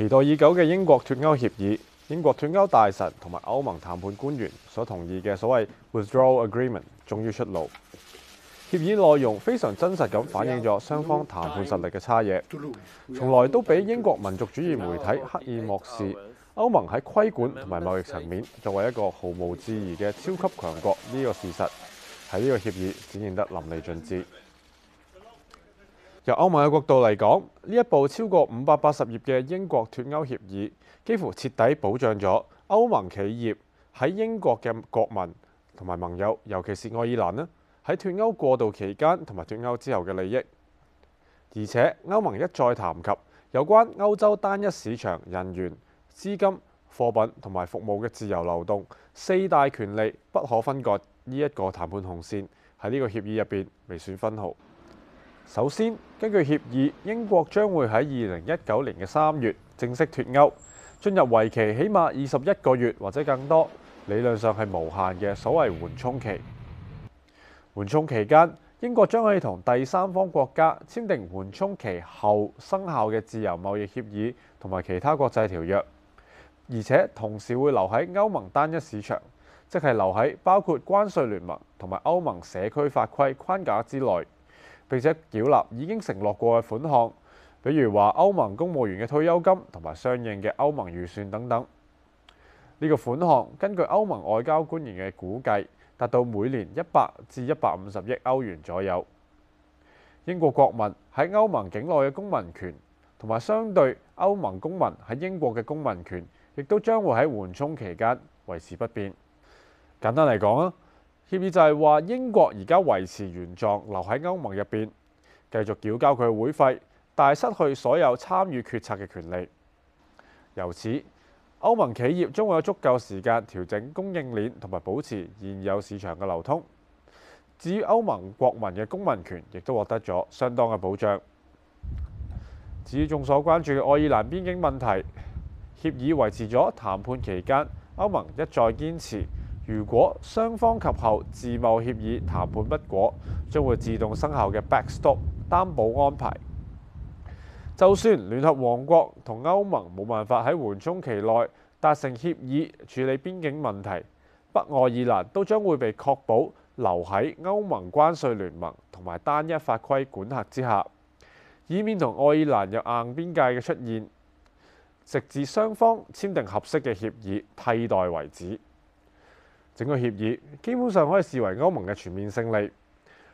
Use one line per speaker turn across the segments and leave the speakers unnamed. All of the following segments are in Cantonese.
期待已久嘅英國脫歐協議，英國脫歐大臣同埋歐盟談判官員所同意嘅所謂 Withdrawal Agreement 終於出爐。協議內容非常真實咁反映咗雙方談判實力嘅差異，從來都俾英國民族主義媒體刻意漠視。歐盟喺規管同埋貿易層面作為一個毫無置疑嘅超級強國，呢個事實，喺呢個協議展現得淋漓盡致。由歐盟嘅角度嚟講，呢一部超過五百八十頁嘅英國脱歐協議，幾乎徹底保障咗歐盟企業喺英國嘅國民同埋盟友，尤其是愛爾蘭呢，喺脱歐過渡期間同埋脱歐之後嘅利益。而且歐盟一再談及有關歐洲單一市場人員、資金、貨品同埋服務嘅自由流動四大權利不可分割呢一個談判紅線喺呢個協議入邊未損分毫。首先，根據協議，英國將會喺二零一九年嘅三月正式脱歐，進入為期，起碼二十一個月或者更多，理論上係無限嘅所謂緩衝期。緩衝期間，英國將可以同第三方國家簽訂緩衝期後生效嘅自由貿易協議同埋其他國際條約，而且同時會留喺歐盟單一市場，即係留喺包括關稅聯盟同埋歐盟社區法規框架之內。並且繳納已經承諾過嘅款項，比如話歐盟公務員嘅退休金同埋相應嘅歐盟預算等等。呢個款項根據歐盟外交官員嘅估計，達到每年一百至一百五十億歐元左右。英國國民喺歐盟境內嘅公民權同埋相對歐盟公民喺英國嘅公民權，亦都將會喺緩衝期間維持不變。簡單嚟講啊，協議就係話英國而家維持原狀，留喺歐盟入邊，繼續繳交佢會費，但係失去所有參與決策嘅權利。由此，歐盟企業將會有足夠時間調整供應鏈同埋保持現有市場嘅流通。至於歐盟國民嘅公民權，亦都獲得咗相當嘅保障。至於眾所關注嘅愛爾蘭邊境問題，協議維持咗談判期間，歐盟一再堅持，如果雙方及後自貿協議談判不果，將會自動生效嘅 backstop 擔保安排。就算聯合王國同歐盟冇辦法喺緩衝期內達成協議處理邊境問題，北愛爾蘭都將會被確保留喺歐盟關稅聯盟同埋單一法規管轄之下，以免同愛爾蘭有硬邊界嘅出現，直至雙方簽訂合適嘅協議替代為止。整個協議基本上可以視為歐盟嘅全面勝利。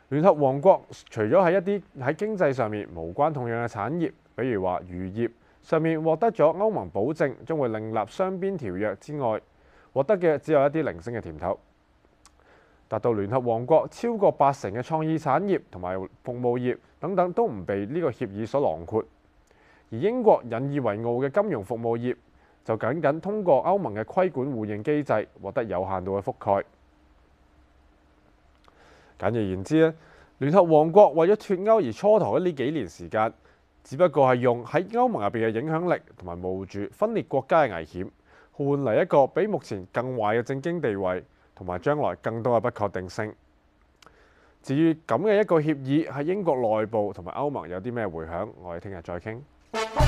聯合王國除咗喺一啲喺經濟上面無關痛癢嘅產業，比如話漁業上面獲得咗歐盟保證將會另立雙邊條約之外，獲得嘅只有一啲零星嘅甜頭。達到聯合王國超過八成嘅創意產業同埋服務業等等都唔被呢個協議所囊括，而英國引以為傲嘅金融服務業。就僅僅通過歐盟嘅規管互認機制獲得有限度嘅覆蓋。簡而言之咧，聯合王國為咗脫歐而蹉跎呢幾年時間，只不過係用喺歐盟入邊嘅影響力同埋冒住分裂國家嘅危險，換嚟一個比目前更壞嘅政經地位同埋將來更多嘅不確定性。至於咁嘅一個協議喺英國內部同埋歐盟有啲咩回響，我哋聽日再傾。